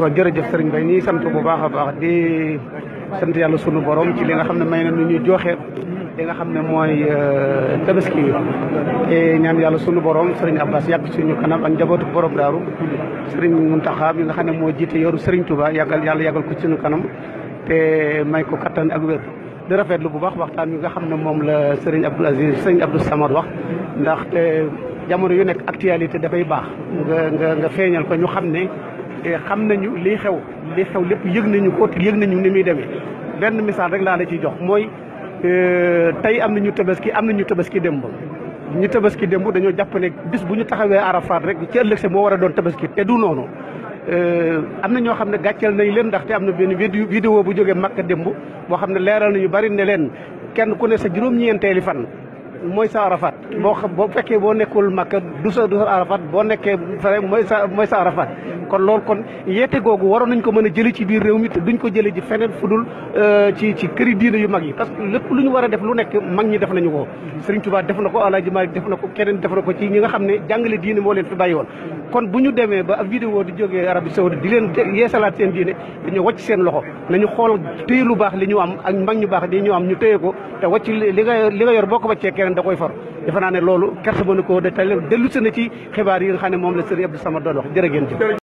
waaw jërëjëf sëriñ Bay ñuy sant bu baax a baax di sant yàlla sunu borom ci li nga xam ne may na nu ñuy joxe li nga xam ne mooy euh, tabaski yi ñaan yàlla sunu borom sëriñ Abbas yàgg suñu kanam ak njabootu borom daaru sëriñ Muntaxa mi nga xam ne moo jiite yoru sëriñ Touba yàggal yàlla yàggal ko ci suñu kanam te may ko kattan ak wér di rafetlu bu baax waxtaan wi nga xam ne moom la sëriñ Abdoul Aziz sëriñ Abdou Samad wax ndax ndaxte jamono yu nekk actualité dafay baax nga feeñal ko ñu xam ne Eh, xam nañu liy xew li xew lépp yëg nañu ko te yëg nañu ni muy demee benn misaal rek laa la ciy jox mooy eh, tey am nañu tabaski am na ñu tabaski démb ñu tabaski démb dañoo jàpp ne bis bu ñu taxawee Arafat rek ci ëllëg se moo war a doon tabaski te du noonu eh, am na ñoo xam ne gàcceel nañ leen ndax te am na benn vidéo bu jógee Makka démb boo xam ne leeral nañu bari ne leen kenn ku ne sa juróom-ñeenteeli fan mooy sa Arafat boo xam boo fekkee boo nekkul Makka du sa sa Arafat boo nekkee fare mooy sa mooy sa Arafat kon loolu kon yeete googu waroon nañ ko mën a jëlee ci biir réew mi te duñ ko jëlee ci feneen fu dul euh, ci ci këri diine yu mag yi parce que lépp lu ñu war a def lu nekk mag ñi def nañu ko Serigne Touba def na ko Alaaji Maalik def na ko keneen def na ko ci ñi nga xam ne jàngale diine moo leen fi bàyyi woon kon bu ñu demee ba ab vidéo di jógee Arabie Saoudite di leen yeesalaat seen diine dañoo wàcc seen loxo nañu xool téye lu baax li ñu am ak mag ñu baax li ñu am ñu téye ko te wàcc li nga yor boo ko wàccee keneen da koy far defe naa ne loolu kersa mënu koo de tale dellu na ci xibaar yi nga xam ne moom la sëriñ Abdou Samad doon wax jërë ngeen jëf